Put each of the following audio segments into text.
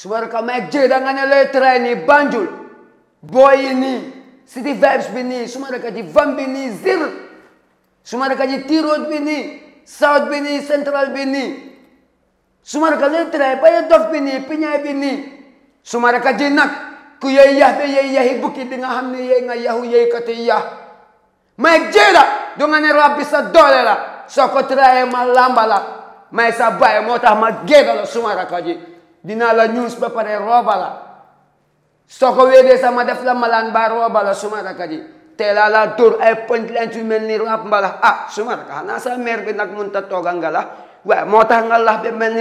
Swear kama jiranganya letra ini banjul. Boy ni. City vibes bini. Sumara di van bini. Zir. Sumara kaji T-Road bini. South bini. Central bini. Sumara ka letra paya dof bini. Pinya bini. Sumara kaji nak. yah be yayah ibuki dengan hamni yay ngayahu yay katiyah. Maik jira. Dengan rabisa dole la. Soko trae malamba la. Maisa motor motah mageda la sumara kaji dina la news ba pare rooba la soo ko sama def la malan ba rooba la suma raka la dóor ay point len ci melni rap mbala ah suma raka xanaa sa mer bi nak munta toga tooga nga la waaye moo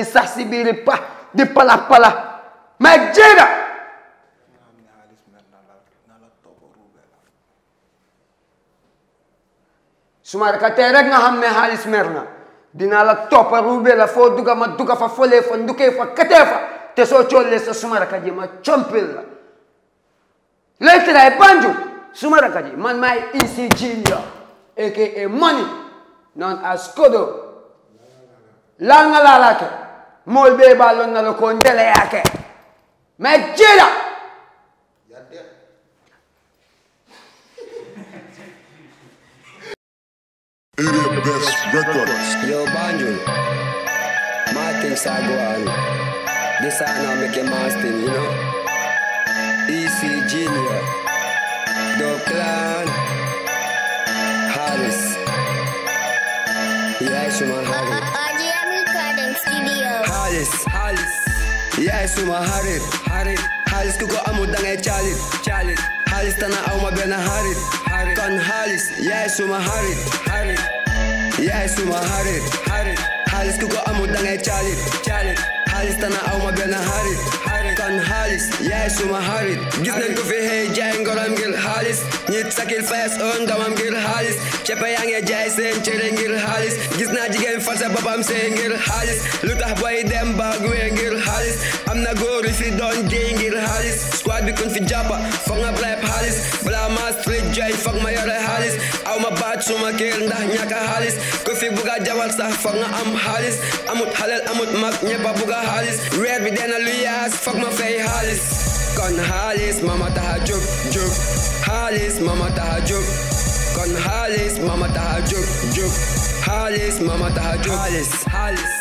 sax si pa di pala pala ma jeda suma raka te rek nga xamne halis merna dina la toppa rubela fo duga ma duga fa fole fo ndukee fa kete fa te so cholle so sumara kaji ma chompilla letra e banjo sumara kaji man mai isi jilio aka money non as kodo langa lalake mol be balon na lo kondele yake mejira yadde Best records. Yo, Banjo. My things are going. This I now make a master, you know. EC Junior, the clan, Harris. Yes, yeah, my Harris. RGM Recording Studio. Harris, Harris. Yes, yeah, my Harris, Harris. Harris kuko amu dange chalit, chalit. Harris tana au ma bena Harris, Harris. Kan Harris, yes, my Harris, Harris. Yes, my Harris, Harris. Harris kuko amu dange chalit, chalit. alles deine Oma bin ein Harry. Kann alles, ja ich so mein Harry. Gibt nen Kuffi hey Jane, Gott am Gil Halis. Nicht sag ich fest und am Gil Halis. Chepe Yang ja ich seh ich den Gil Halis. Gibt nen Jigen falsch boy dem Bag wie Am na Gori si don Jane Gil Squad wie Kunfi Jabba, ma kër ndax ñàkk xaalis ku fi bugg a sax foog nga am xaalis amut xalel amut mag ñëpp a bugg a bi dena lu yaas foog ma fay xaalis kon xaalis mama taxa jub. jóg mama taxa jóg kon xaalis mama taxa jub. jóg mama taxa jóg xaalis xaalis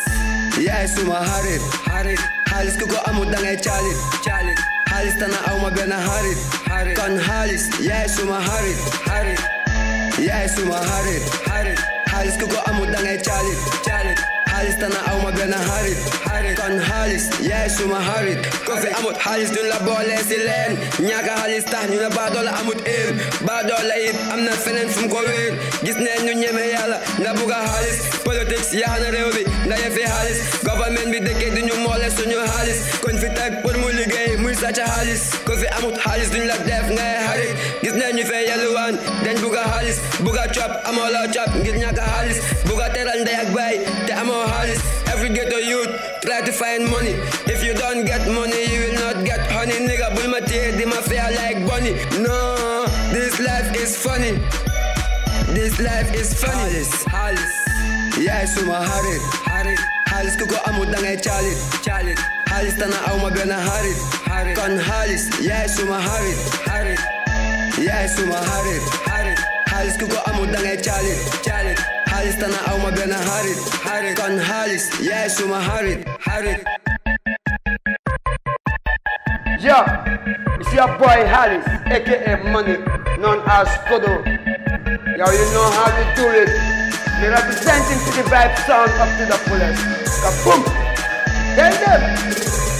yaay suma xarit xarit xaalis ku ko amut da ngay caalit caalit xaalis tana aw ma benn xarit xarit kon xaalis yaay suma xarit xarit to my heart it, heart it. Halis kuko amu tanga chalit, chalit. Halis tana au ma harit, harit. Kan halis, yes to my heart it. Kofi amut halis dun la bole silen. Nyaka halis tah nyu na amut im. Badola it, am na fenen fum kovin. Gis ne nyu nye me na buga halis. Politics ya na reobi, na yefi halis. Government bi deke dun yu mole sun yu muli game. Such a sàcc xaalis ko fi amut xaalis duñ la def ngay xarit gis nañ ñu fee yeluwaan dañ buga xaalis buga cop amoo loo cop ngir ñàkk xaalis buga teral ndey ak baay am amoo xaalis every ghetto youth try to find money if you don't get money you will not get honey nigga bul my téye di ma feel like bunny no this life is funny this life is funny xaalis yeah, yaay suma xarit xarit xaalis ku ko amut da ngay caalit caalit حارس انا او ما بنهارد كان حارس ياس وما هارد ياس وما هارد حارس كوكو امو دانا تشالد حارس انا او ما بنهارد كان حارس yeah, وما هارد Yo, it's your boy Harris, aka Money, known as Kodo. Yo, you know how to do it. You're representing to the vibe sound up to the fullest. Kaboom! Tell them.